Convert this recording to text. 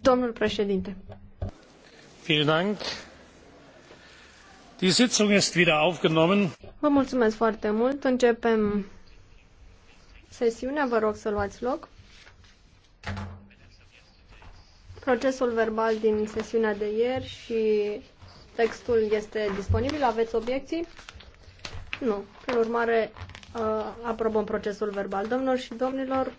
Domnul președinte. Vă mulțumesc foarte mult. Începem sesiunea. Vă rog să luați loc. Procesul verbal din sesiunea de ieri și textul este disponibil. Aveți obiecții? Nu. Prin urmare, uh, aprobăm procesul verbal. Domnilor și domnilor,